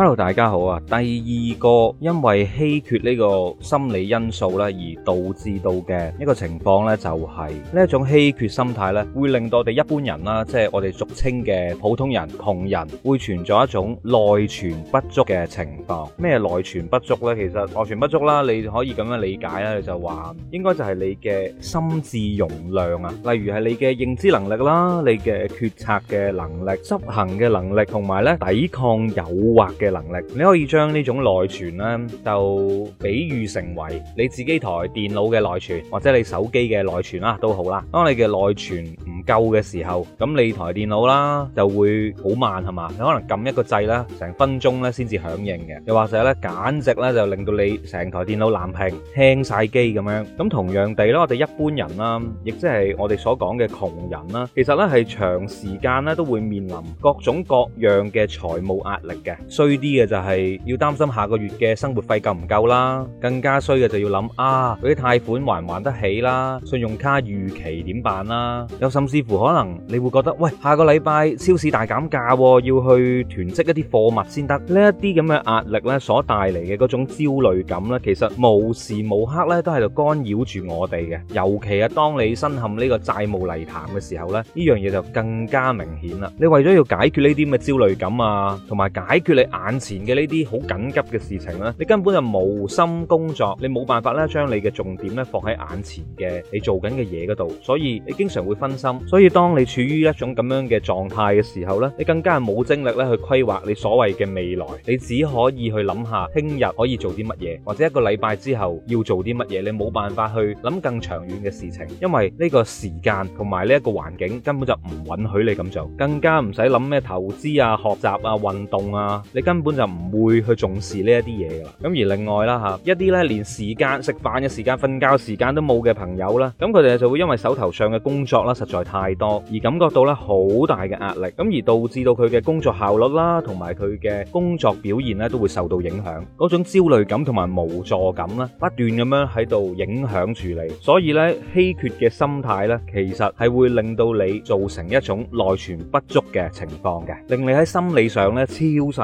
hello，大家好啊！第二個因為稀缺呢個心理因素咧，而導致到嘅一個情況呢，就係呢一種稀缺心態呢，會令到我哋一般人啦，即係我哋俗稱嘅普通人、窮人，會存在一種內存不足嘅情況。咩內存不足呢？其實內存不足啦，你可以咁樣理解咧，就話應該就係你嘅心智容量啊，例如係你嘅認知能力啦，你嘅決策嘅能力、執行嘅能力，同埋咧抵抗誘惑嘅。能力，你可以將呢種內存咧，就比喻成為你自己台電腦嘅內存，或者你手機嘅內存啦，都好啦。當你嘅內存唔夠嘅時候，咁你台電腦啦就會好慢係嘛？你可能撳一個掣咧，成分鐘咧先至響應嘅。又或者咧，簡直咧就令到你成台電腦藍屏、聽晒機咁樣。咁同樣地咧，我哋一般人啦，亦即係我哋所講嘅窮人啦，其實咧係長時間咧都會面臨各種各樣嘅財務壓力嘅。衰啲嘅就係要擔心下個月嘅生活費夠唔夠啦，更加衰嘅就要諗啊，嗰啲貸款還唔還得起啦，信用卡逾期點辦啦，有冇心？似乎可能你會覺得喂，下個禮拜超市大減價，要去囤積一啲貨物先得。呢一啲咁嘅壓力咧，所帶嚟嘅嗰種焦慮感咧，其實無時無刻咧都喺度干擾住我哋嘅。尤其係當你身陷呢個債務泥潭嘅時候咧，呢樣嘢就更加明顯啦。你為咗要解決呢啲咁嘅焦慮感啊，同埋解決你眼前嘅呢啲好緊急嘅事情咧，你根本就無心工作，你冇辦法咧將你嘅重點咧放喺眼前嘅你做緊嘅嘢嗰度，所以你經常會分心。所以當你處於一種咁樣嘅狀態嘅時候呢，你更加係冇精力咧去規劃你所謂嘅未來，你只可以去諗下聽日可以做啲乜嘢，或者一個禮拜之後要做啲乜嘢，你冇辦法去諗更長遠嘅事情，因為呢個時間同埋呢一個環境根本就唔允許你咁做，更加唔使諗咩投資啊、學習啊、運動啊，你根本就唔會去重視呢一啲嘢噶啦。咁而另外啦吓，一啲咧連時間、食飯嘅時間、瞓覺時間都冇嘅朋友啦，咁佢哋就會因為手頭上嘅工作啦，實在。太多而感覺到咧好大嘅壓力，咁而導致到佢嘅工作效率啦，同埋佢嘅工作表現咧都會受到影響。嗰種焦慮感同埋無助感咧，不斷咁樣喺度影響住你。所以咧稀缺嘅心態咧，其實係會令到你造成一種內存不足嘅情況嘅，令你喺心理上咧超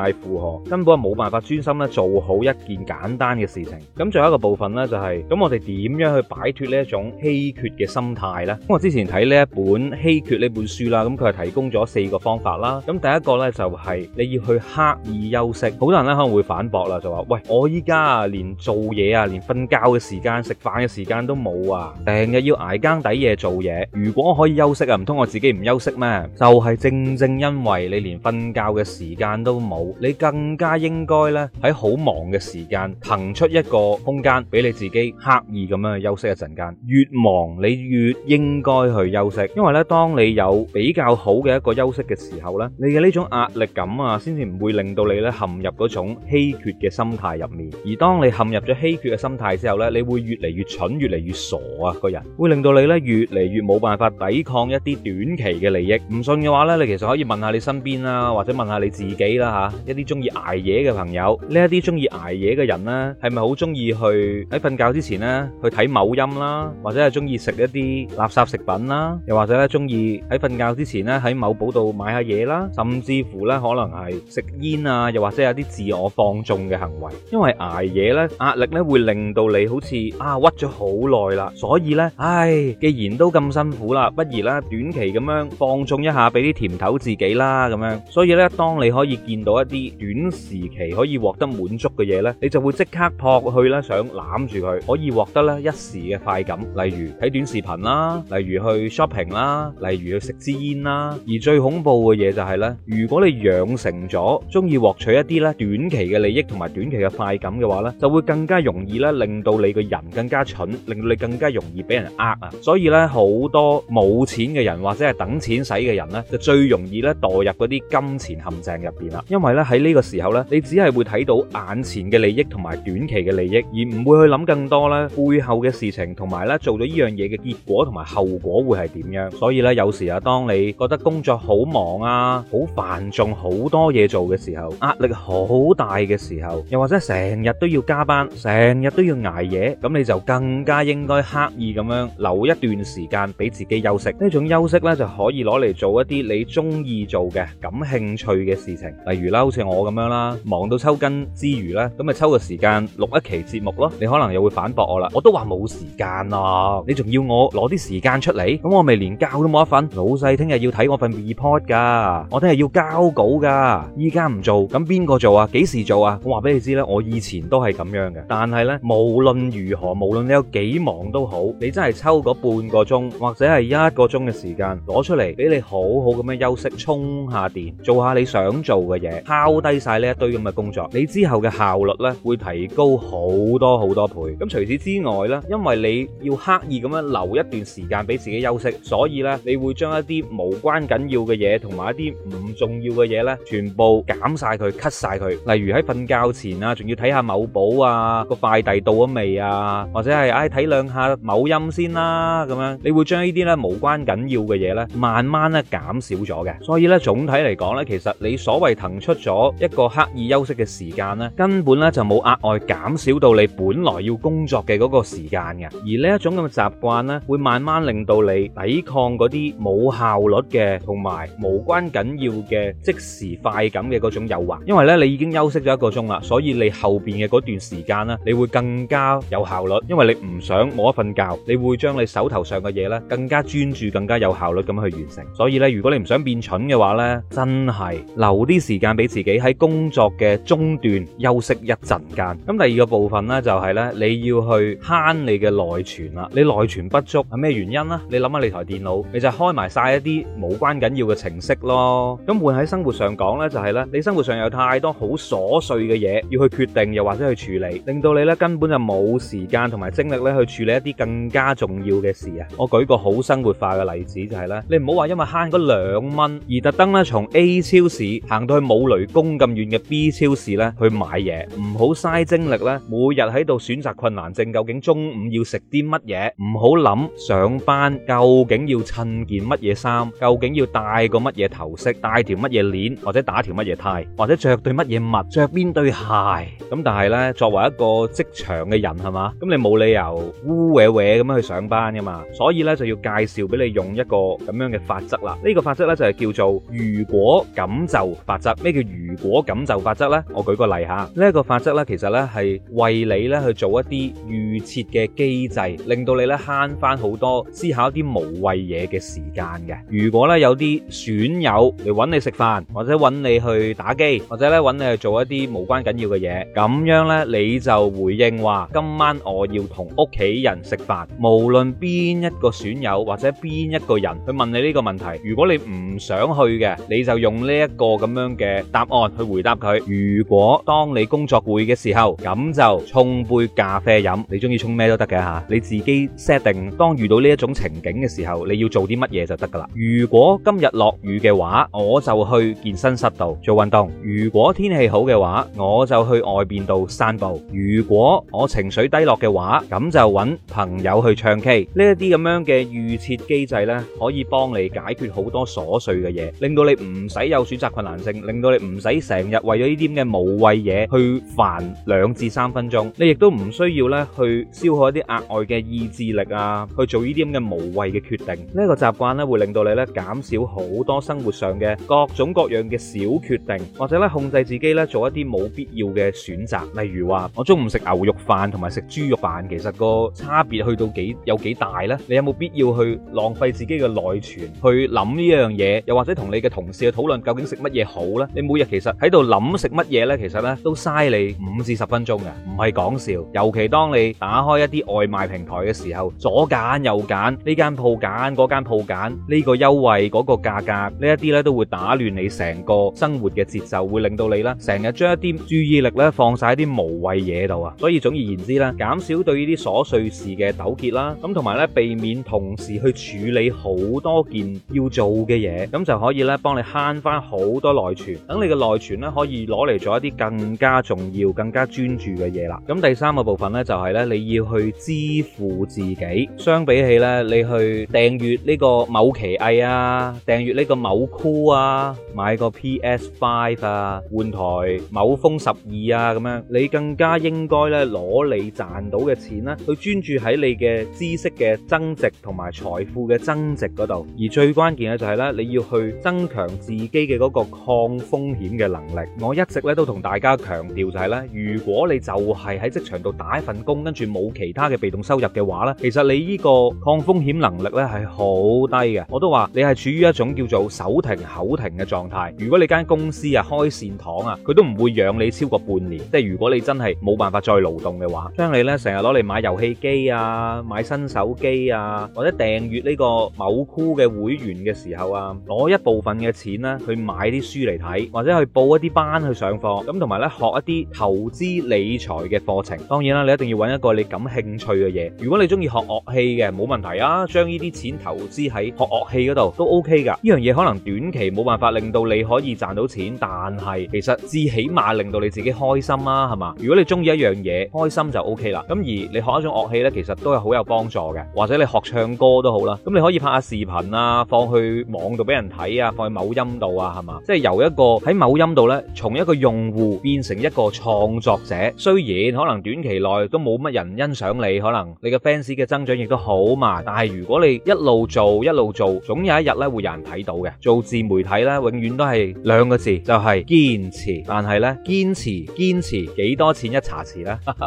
晒負荷，根本係冇辦法專心咧做好一件簡單嘅事情。咁最後一個部分咧就係咁，我哋點樣去擺脫呢一種稀缺嘅心態呢？咁我之前睇呢一本。《稀缺》呢本書啦，咁佢係提供咗四個方法啦。咁第一個咧就係你要去刻意休息。好多人咧可能會反駁啦，就話：喂，我依家啊，連做嘢啊，連瞓覺嘅時間、食飯嘅時間都冇啊，成日要捱更抵夜做嘢。如果我可以休息啊，唔通我自己唔休息咩？就係正正因為你連瞓覺嘅時間都冇，你更加應該咧喺好忙嘅時間騰出一個空間俾你自己刻意咁樣去休息一陣間。越忙你越應該去休息。因為咧，當你有比較好嘅一個休息嘅時候咧，你嘅呢種壓力感啊，先至唔會令到你咧陷入嗰種稀缺嘅心態入面。而當你陷入咗稀缺嘅心態之後咧，你會越嚟越蠢，越嚟越傻啊！個人會令到你咧越嚟越冇辦法抵抗一啲短期嘅利益。唔信嘅話咧，你其實可以問下你身邊啦，或者問下你自己啦吓、啊，一啲中意捱夜嘅朋友，呢一啲中意捱夜嘅人咧，係咪好中意去喺瞓覺之前咧去睇某音啦，或者係中意食一啲垃圾食品啦，又或者咧中意喺瞓覺之前咧喺某寶度買下嘢啦，甚至乎咧可能係食煙啊，又或者有啲自我放縱嘅行為。因為挨夜咧壓力咧會令到你好似啊屈咗好耐啦，所以咧唉，既然都咁辛苦啦，不如咧短期咁樣放縱一下，俾啲甜頭自己啦咁樣。所以咧，當你可以見到一啲短時期可以獲得滿足嘅嘢咧，你就會即刻撲去咧想攬住佢，可以獲得咧一時嘅快感，例如睇短視頻啦，例如去 shopping 啦。啦，例如去食支煙啦，而最恐怖嘅嘢就係咧，如果你養成咗中意獲取一啲咧短期嘅利益同埋短期嘅快感嘅話咧，就會更加容易咧令到你個人更加蠢，令到你更加容易俾人呃啊，所以咧好多冇錢嘅人或者係等錢使嘅人咧，就最容易咧墮入嗰啲金錢陷阱入邊啦，因為咧喺呢個時候咧，你只係會睇到眼前嘅利益同埋短期嘅利益，而唔會去諗更多咧背後嘅事情同埋咧做咗呢樣嘢嘅結果同埋後果會係點樣。所以咧，有時啊，當你覺得工作好忙啊、好繁重、好多嘢做嘅時候，壓力好大嘅時候，又或者成日都要加班、成日都要捱夜，咁你就更加應該刻意咁樣留一段時間俾自己休息。呢種休息咧，就可以攞嚟做一啲你中意做嘅、感興趣嘅事情，例如啦，好似我咁樣啦，忙到抽筋之餘咧，咁咪抽個時間錄一期節目咯。你可能又會反駁我啦，我都話冇時間啊，你仲要我攞啲時間出嚟，咁我咪連覺都冇得瞓，老細聽日要睇我份 report 噶，我聽日要交稿噶，依家唔做，咁邊個做啊？幾時做啊？我話俾你知啦，我以前都係咁樣嘅，但係咧無論如何，無論你有幾忙都好，你真係抽嗰半個鐘或者係一個鐘嘅時間攞出嚟，俾你好好咁樣休息，充下電，做下你想做嘅嘢，拋低晒呢一堆咁嘅工作，你之後嘅效率咧會提高好多好多倍。咁除此之外咧，因為你要刻意咁樣留一段時間俾自己休息，所所以咧，你會將一啲無關緊要嘅嘢，同埋一啲唔重要嘅嘢咧，全部減晒佢，cut 晒佢。例如喺瞓覺前啊，仲要睇下某寶啊，個快遞到咗未啊？或者係唉睇兩下某音先啦，咁樣你會將呢啲咧無關緊要嘅嘢咧，慢慢咧減少咗嘅。所以咧，總體嚟講咧，其實你所謂騰出咗一個刻意休息嘅時間咧，根本咧就冇額外減少到你本來要工作嘅嗰個時間嘅。而呢一種咁嘅習慣咧，會慢慢令到你抵抗嗰啲冇效率嘅，同埋無關緊要嘅即時快感嘅嗰種誘惑，因為咧，你已經休息咗一個鐘啦，所以你後邊嘅嗰段時間咧，你會更加有效率，因為你唔想摸一瞓覺，你會將你手頭上嘅嘢咧更加專注、更加有效率咁去完成。所以咧，如果你唔想變蠢嘅話咧，真係留啲時間俾自己喺工作嘅中段休息一陣間。咁第二個部分咧就係咧，你要去慳你嘅內存啦。你內存不足係咩原因咧？你諗下你台電。你就開埋晒一啲冇關緊要嘅程式咯。咁換喺生活上講咧，就係咧，你生活上有太多好瑣碎嘅嘢要去決定，又或者去處理，令到你咧根本就冇時間同埋精力咧去處理一啲更加重要嘅事啊！我舉個好生活化嘅例子，就係咧，你唔好話因為慳嗰兩蚊而特登咧從 A 超市行到去冇雷公咁遠嘅 B 超市咧去買嘢，唔好嘥精力咧，每日喺度選擇困難症，究竟中午要食啲乜嘢？唔好諗上班究竟要。要襯件乜嘢衫，究竟要戴個乜嘢頭飾，戴條乜嘢鏈，或者打條乜嘢呔，或者着對乜嘢襪，着邊對鞋。咁但係咧，作為一個職場嘅人係嘛，咁你冇理由烏歪歪咁樣去上班噶嘛。所以咧就要介紹俾你用一個咁樣嘅法則啦。呢個法則咧就係叫做如果咁就法則。咩叫如果咁就法則咧？我舉個例吓，呢一個法則咧其實咧係為你咧去做一啲預設嘅機制，令到你咧慳翻好多思考一啲無謂。嘢嘅時間嘅，如果咧有啲損友嚟揾你食飯，或者揾你去打機，或者咧揾你去做一啲無關緊要嘅嘢，咁樣咧你就回應話：今晚我要同屋企人食飯。無論邊一個損友或者邊一個人，去問你呢個問題，如果你唔想去嘅，你就用呢一個咁樣嘅答案去回答佢。如果當你工作攰嘅時候，咁就沖杯咖啡飲，你中意沖咩都得嘅嚇，你自己 set 定。當遇到呢一種情景嘅時候，你，要做啲乜嘢就得噶啦。如果今日落雨嘅話，我就去健身室度做運動；如果天氣好嘅話，我就去外邊度散步；如果我情緒低落嘅話，咁就搵朋友去唱 K。呢一啲咁樣嘅預設機制呢，可以幫你解決好多瑣碎嘅嘢，令到你唔使有選擇困難性，令到你唔使成日為咗呢啲咁嘅無謂嘢去煩兩至三分鐘。你亦都唔需要呢去消耗一啲額外嘅意志力啊，去做呢啲咁嘅無謂嘅決定。呢一個習慣咧，會令到你咧減少好多生活上嘅各種各樣嘅小決定，或者咧控制自己咧做一啲冇必要嘅選擇。例如話，我中午食牛肉飯同埋食豬肉飯，其實個差別去到幾有幾大呢？你有冇必要去浪費自己嘅內存去諗呢樣嘢？又或者同你嘅同事去討論究竟食乜嘢好呢？你每日其實喺度諗食乜嘢呢，其實咧都嘥你五至十分鐘嘅，唔係講笑。尤其當你打開一啲外賣平台嘅時候，左揀右揀，呢間鋪揀，嗰間鋪揀，呢個優惠，嗰個價格，呢一啲咧都會打亂你成個生活嘅節奏，會令到你咧成日將一啲注意力咧放晒喺啲無謂嘢度啊！所以總而言之咧，減少對呢啲瑣碎事嘅糾結啦，咁同埋咧避免同時去處理好多件要做嘅嘢，咁就可以咧幫你慳翻好多內存。等你嘅內存咧可以攞嚟做一啲更加重要、更加專注嘅嘢啦。咁第三個部分咧就係咧你要去支付自己，相比起咧你去訂閱呢個某奇藝啊，訂閱呢個某酷啊，買個 PS Five 啊，換台某風十二啊咁樣，你更加應該咧攞你賺到嘅錢咧，去專注喺你嘅知識嘅增值同埋財富嘅增值嗰度。而最關鍵嘅就係咧，你要去增強自己嘅嗰個抗風險嘅能力。我一直咧都同大家強調就係咧，如果你就係喺職場度打一份工，跟住冇其他嘅被動收入嘅話咧，其實你呢個抗風險能力咧係好低嘅，我都話你係處於一種叫做手停口停嘅狀態。如果你間公司啊開善堂啊，佢都唔會養你超過半年。即係如果你真係冇辦法再勞動嘅話，將你咧成日攞嚟買遊戲機啊、買新手機啊，或者訂閱呢個某酷嘅會員嘅時候啊，攞一部分嘅錢咧去買啲書嚟睇，或者去報一啲班去上課，咁同埋咧學一啲投資理財嘅課程。當然啦，你一定要揾一個你感興趣嘅嘢。如果你中意學樂器嘅，冇問題啊，將呢啲錢。投資喺學樂器嗰度都 OK 㗎，呢樣嘢可能短期冇辦法令到你可以賺到錢，但係其實至起碼令到你自己開心啦，係嘛？如果你中意一樣嘢，開心就 OK 啦。咁而你學一種樂器咧，其實都係好有幫助嘅，或者你學唱歌都好啦。咁你可以拍下視頻啊，放去網度俾人睇啊，放去某音度啊，係嘛？即係由一個喺某音度咧，從一個用戶變成一個創作者。雖然可能短期內都冇乜人欣賞你，可能你嘅 fans 嘅增長亦都好慢，但係如果你一一路做，一路做，總有一日咧會有人睇到嘅。做自媒體呢，永遠都係兩個字，就係、是、堅持。但係呢，「堅持堅持，幾多錢一茶匙呢？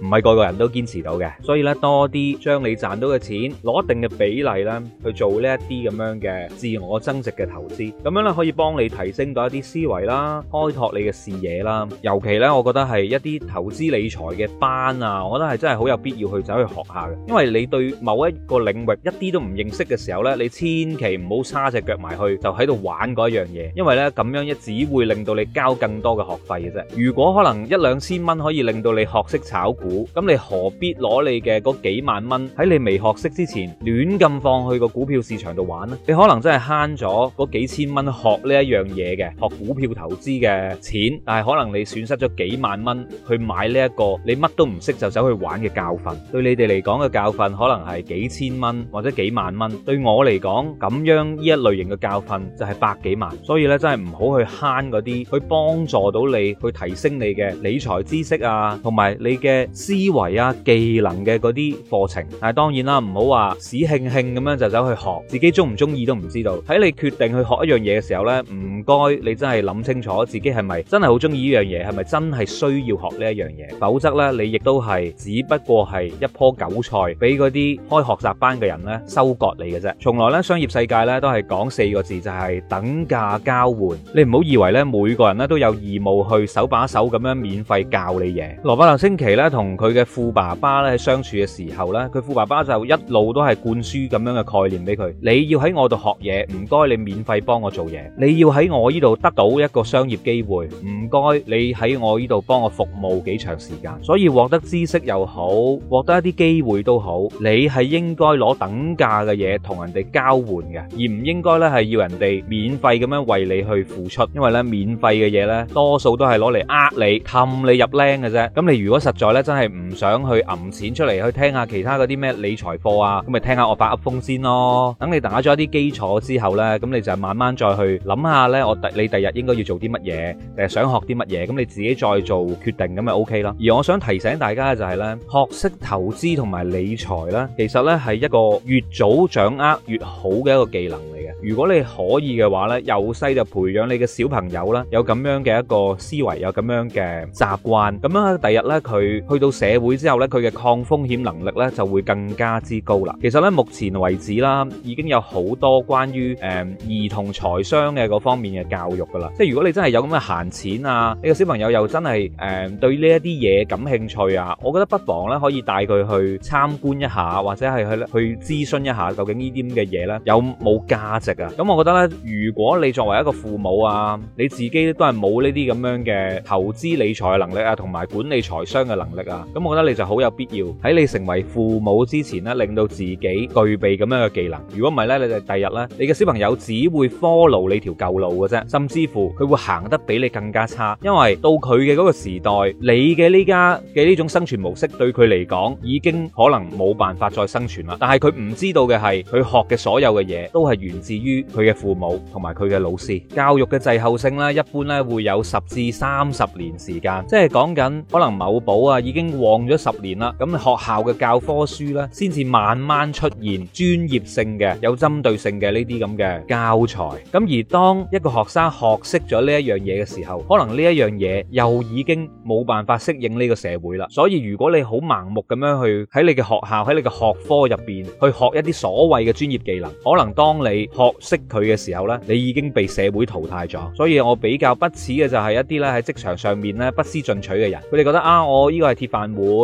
唔係個個人都堅持到嘅，所以咧多啲將你賺到嘅錢攞一定嘅比例咧去做呢一啲咁樣嘅自我增值嘅投資，咁樣咧可以幫你提升到一啲思維啦，開拓你嘅視野啦。尤其咧，我覺得係一啲投資理財嘅班啊，我覺得係真係好有必要去走去學下嘅。因為你對某一個領域一啲都唔認識嘅時候咧，你千祈唔好叉隻腳埋去就喺度玩嗰樣嘢，因為咧咁樣一只會令到你交更多嘅學費嘅啫。如果可能一兩千蚊可以令到你學識炒股。咁你何必攞你嘅嗰幾萬蚊喺你未學識之前亂咁放去個股票市場度玩呢？你可能真係慳咗嗰幾千蚊學呢一樣嘢嘅學股票投資嘅錢，但係可能你損失咗幾萬蚊去買呢一個你乜都唔識就走去玩嘅教訓，對你哋嚟講嘅教訓可能係幾千蚊或者幾萬蚊，對我嚟講咁樣呢一類型嘅教訓就係百幾萬，所以咧真係唔好去慳嗰啲去幫助到你去提升你嘅理財知識啊，同埋你嘅。思維啊，技能嘅嗰啲課程，但係當然啦，唔好話屎慶慶咁樣就走去學，自己中唔中意都唔知道。喺你決定去學一樣嘢嘅時候咧，唔該你真係諗清楚自己係咪真係好中意呢樣嘢，係咪真係需要學呢一樣嘢？否則咧，你亦都係只不過係一棵韭菜，俾嗰啲開學習班嘅人咧收割你嘅啫。從來咧，商業世界咧都係講四個字，就係等價交換。你唔好以為咧每個人咧都有義務去手把手咁樣免費教你嘢。羅伯特清崎咧同。同佢嘅富爸爸咧喺相處嘅時候咧，佢富爸爸就一路都係灌輸咁樣嘅概念俾佢。你要喺我度學嘢，唔該你免費幫我做嘢。你要喺我依度得到一個商業機會，唔該你喺我依度幫我服務幾長時間。所以獲得知識又好，獲得一啲機會都好，你係應該攞等價嘅嘢同人哋交換嘅，而唔應該咧係要人哋免費咁樣為你去付出。因為咧免費嘅嘢咧，多數都係攞嚟呃你、氹你入嚟嘅啫。咁你如果實在咧真係～係唔想去揞錢出嚟去聽下其他嗰啲咩理財課啊，咁咪聽下我發噏風先咯。等你打咗一啲基礎之後咧，咁你就慢慢再去諗下咧，我第你第日應該要做啲乜嘢，第日想學啲乜嘢，咁你自己再做決定咁咪 OK 啦。而我想提醒大家嘅就係咧，學識投資同埋理財咧，其實咧係一個越早掌握越好嘅一個技能嚟嘅。如果你可以嘅話咧，由細就培養你嘅小朋友啦，有咁樣嘅一個思維，有咁樣嘅習慣，咁樣咧第日咧佢去到到社會之後咧，佢嘅抗風險能力咧就會更加之高啦。其實咧，目前為止啦，已經有好多關於誒、嗯、兒童財商嘅嗰方面嘅教育噶啦。即係如果你真係有咁嘅閒錢啊，你個小朋友又真係誒、嗯、對呢一啲嘢感興趣啊，我覺得不妨咧可以帶佢去參觀一下，或者係去去諮詢一下究竟呢啲咁嘅嘢咧有冇價值啊。咁、嗯、我覺得咧，如果你作為一個父母啊，你自己都係冇呢啲咁樣嘅投資理財能力啊，同埋管理財商嘅能力啊。咁我覺得你就好有必要喺你成為父母之前咧，令到自己具備咁樣嘅技能。如果唔係咧，你哋第日咧，你嘅小朋友只會 follow 你條舊路嘅啫，甚至乎佢會行得比你更加差。因為到佢嘅嗰個時代，你嘅呢家嘅呢種生存模式對佢嚟講已經可能冇辦法再生存啦。但係佢唔知道嘅係，佢學嘅所有嘅嘢都係源自於佢嘅父母同埋佢嘅老師。教育嘅滯後性咧，一般咧會有十至三十年時間，即係講緊可能某寶啊已經旺咗十年啦，咁學校嘅教科書呢，先至慢慢出現專業性嘅、有針對性嘅呢啲咁嘅教材。咁而當一個學生學識咗呢一樣嘢嘅時候，可能呢一樣嘢又已經冇辦法適應呢個社會啦。所以如果你好盲目咁樣去喺你嘅學校、喺你嘅學科入邊去學一啲所謂嘅專業技能，可能當你學識佢嘅時候呢，你已經被社會淘汰咗。所以我比較不齒嘅就係一啲咧喺職場上面咧不思進取嘅人，佢哋覺得啊，我呢個係飯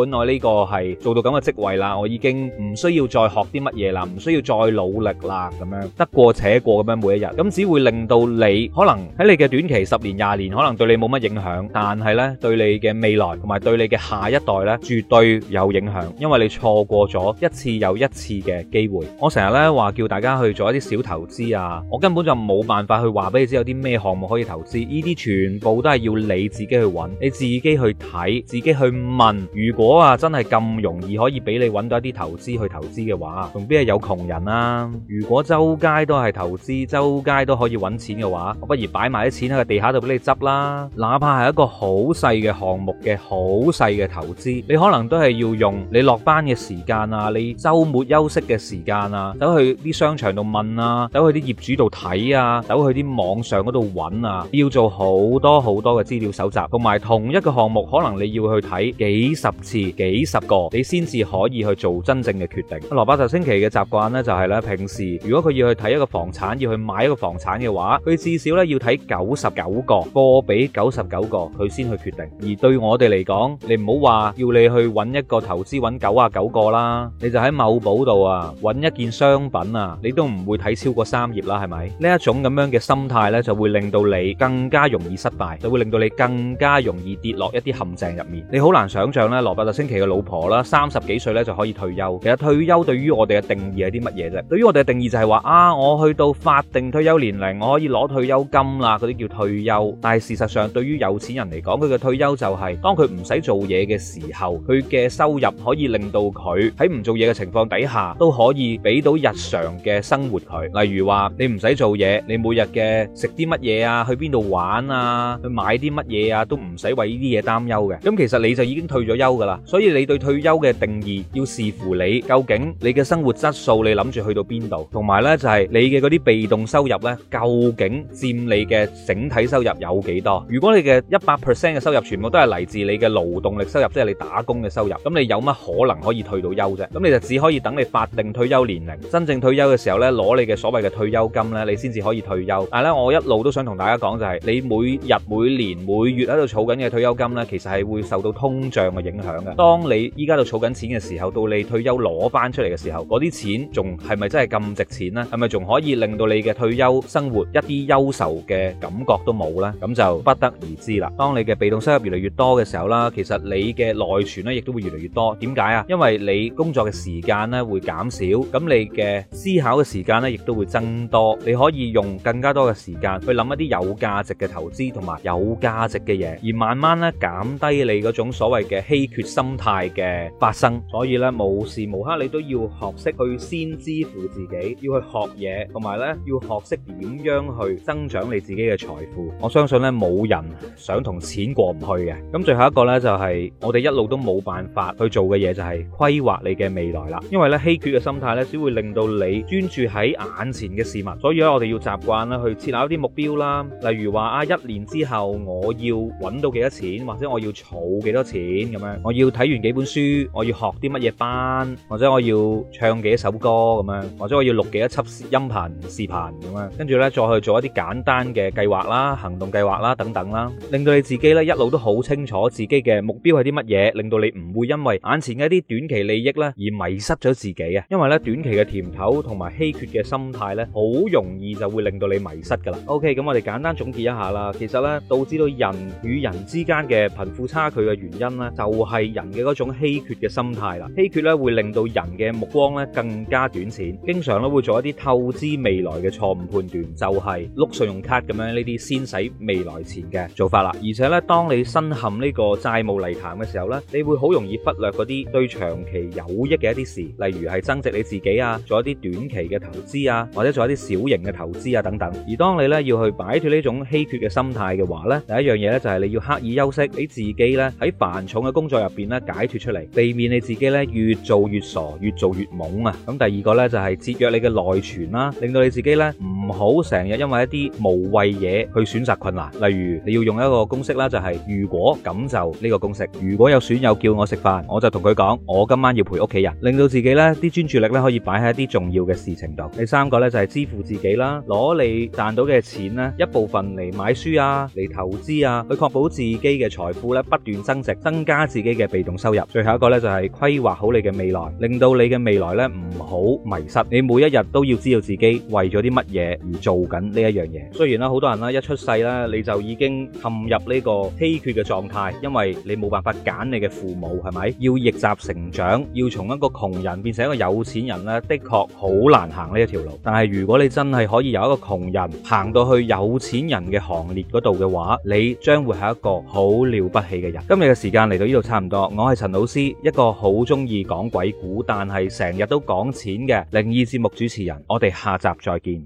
碗，我呢個係做到咁嘅職位啦，我已經唔需要再學啲乜嘢啦，唔需要再努力啦，咁樣得過且過咁樣每一日，咁只會令到你可能喺你嘅短期十年廿年，可能對你冇乜影響，但係呢，對你嘅未來同埋對你嘅下一代呢，絕對有影響，因為你錯過咗一次又一次嘅機會。我成日呢話叫大家去做一啲小投資啊，我根本就冇辦法去話俾你知有啲咩項目可以投資，呢啲全部都係要你自己去揾，你自己去睇，自己去問。如果啊真係咁容易可以俾你揾到一啲投資去投資嘅話，仲邊係有窮人啊？如果周街都係投資，周街都可以揾錢嘅話，我不如擺埋啲錢喺個地下度俾你執啦。哪怕係一個好細嘅項目嘅好細嘅投資，你可能都係要用你落班嘅時間啊，你周末休息嘅時間啊，走去啲商場度問啊，走去啲業主度睇啊，走去啲網上嗰度揾啊，要做好多好多嘅資料搜集，同埋同一個項目可能你要去睇幾。幾十次、幾十個，你先至可以去做真正嘅決定。羅伯特·清崎嘅習慣咧，就係、是、咧平時如果佢要去睇一個房產，要去買一個房產嘅話，佢至少咧要睇九十九個，貨比九十九個，佢先去決定。而對我哋嚟講，你唔好話要你去揾一個投資揾九啊九個啦，你就喺某寶度啊揾一件商品啊，你都唔會睇超過三頁啦，係咪？呢一種咁樣嘅心態咧，就會令到你更加容易失敗，就會令到你更加容易跌落一啲陷阱入面，你好難想。上咧，羅伯特·清崎嘅老婆啦，三十幾歲咧就可以退休。其實退休對於我哋嘅定義係啲乜嘢啫？對於我哋嘅定義就係話啊，我去到法定退休年齡，我可以攞退休金啦，嗰啲叫退休。但係事實上，對於有錢人嚟講，佢嘅退休就係當佢唔使做嘢嘅時候，佢嘅收入可以令到佢喺唔做嘢嘅情況底下都可以俾到日常嘅生活佢。例如話，你唔使做嘢，你每日嘅食啲乜嘢啊，去邊度玩啊，去買啲乜嘢啊，都唔使為呢啲嘢擔憂嘅。咁、嗯、其實你就已經退咗休噶啦，所以你對退休嘅定義要視乎你究竟你嘅生活質素，你諗住去到邊度，同埋咧就係你嘅嗰啲被動收入咧，究竟佔你嘅整體收入有幾多？如果你嘅一百 percent 嘅收入全部都係嚟自你嘅勞動力收入，即係你打工嘅收入，咁你有乜可能可以退到休啫？咁你就只可以等你法定退休年齡，真正退休嘅時候咧，攞你嘅所謂嘅退休金咧，你先至可以退休。但係咧，我一路都想同大家講就係，你每日、每年、每月喺度儲緊嘅退休金咧，其實係會受到通脹。嘅影響嘅。當你依家度儲緊錢嘅時候，到你退休攞返出嚟嘅時候，嗰啲錢仲係咪真係咁值錢咧？係咪仲可以令到你嘅退休生活一啲憂愁嘅感覺都冇咧？咁就不得而知啦。當你嘅被動收入越嚟越多嘅時候啦，其實你嘅內存咧亦都會越嚟越多。點解啊？因為你工作嘅時間咧會減少，咁你嘅思考嘅時間咧亦都會增多。你可以用更加多嘅時間去諗一啲有價值嘅投資同埋有價值嘅嘢，而慢慢咧減低你嗰種所謂嘅。稀缺心態嘅發生，所以咧無時無刻你都要學識去先支付自己，要去學嘢，同埋咧要學識點樣去增長你自己嘅財富。我相信咧冇人想同錢過唔去嘅。咁最後一個咧就係我哋一路都冇辦法去做嘅嘢，就係規劃你嘅未來啦。因為咧稀缺嘅心態咧只會令到你專注喺眼前嘅事物，所以咧我哋要習慣啦去設立一啲目標啦，例如話啊一年之後我要揾到幾多錢，或者我要儲幾多錢。我要睇完幾本書，我要學啲乜嘢班，或者我要唱幾首歌咁樣，或者我要錄幾輯音頻視頻咁樣，跟住呢再去做一啲簡單嘅計劃啦、行動計劃啦等等啦，令到你自己呢一路都好清楚自己嘅目標係啲乜嘢，令到你唔會因為眼前嘅一啲短期利益呢而迷失咗自己啊！因為呢短期嘅甜頭同埋稀缺嘅心態呢，好容易就會令到你迷失噶啦。OK，咁我哋簡單總結一下啦，其實呢導致到人與人之間嘅貧富差距嘅原因呢，就係人嘅嗰種稀缺嘅心態啦，稀缺咧會令到人嘅目光咧更加短淺，經常咧會做一啲透支未來嘅錯誤判斷，就係碌信用卡咁樣呢啲先使未來錢嘅做法啦。而且咧，當你身陷呢個債務泥潭嘅時候咧，你會好容易忽略嗰啲對長期有益嘅一啲事，例如係增值你自己啊，做一啲短期嘅投資啊，或者做一啲小型嘅投資啊等等。而當你咧要去擺脫呢種稀缺嘅心態嘅話咧，第一樣嘢咧就係你要刻意休息，你自己咧喺繁重，工作入邊咧，解脫出嚟，避免你自己咧越做越傻，越做越懵啊！咁第二個咧就係節約你嘅內存啦，令到你自己咧唔好成日因為一啲無謂嘢去選擇困難。例如你要用一個公式啦，就係如果咁就呢個公式。如果有損友叫我食飯，我就同佢講我今晚要陪屋企人，令到自己咧啲專注力咧可以擺喺一啲重要嘅事情度。第三個咧就係支付自己啦，攞你賺到嘅錢咧一部分嚟買書啊，嚟投資啊，去確保自己嘅財富咧不斷增值，增加。加自己嘅被動收入，最後一個呢，就係規劃好你嘅未來，令到你嘅未來呢唔好迷失。你每一日都要知道自己為咗啲乜嘢而做緊呢一樣嘢。雖然啦，好多人啦一出世啦你就已經陷入呢個稀缺嘅狀態，因為你冇辦法揀你嘅父母，係咪？要逆襲成長，要從一個窮人變成一個有錢人呢，的確好難行呢一條路。但係如果你真係可以由一個窮人行到去有錢人嘅行列嗰度嘅話，你將會係一個好了不起嘅人。今日嘅時間嚟到呢度差唔多，我係陳老師，一個好中意講鬼故，但係成日都講錢嘅靈異節目主持人。我哋下集再見。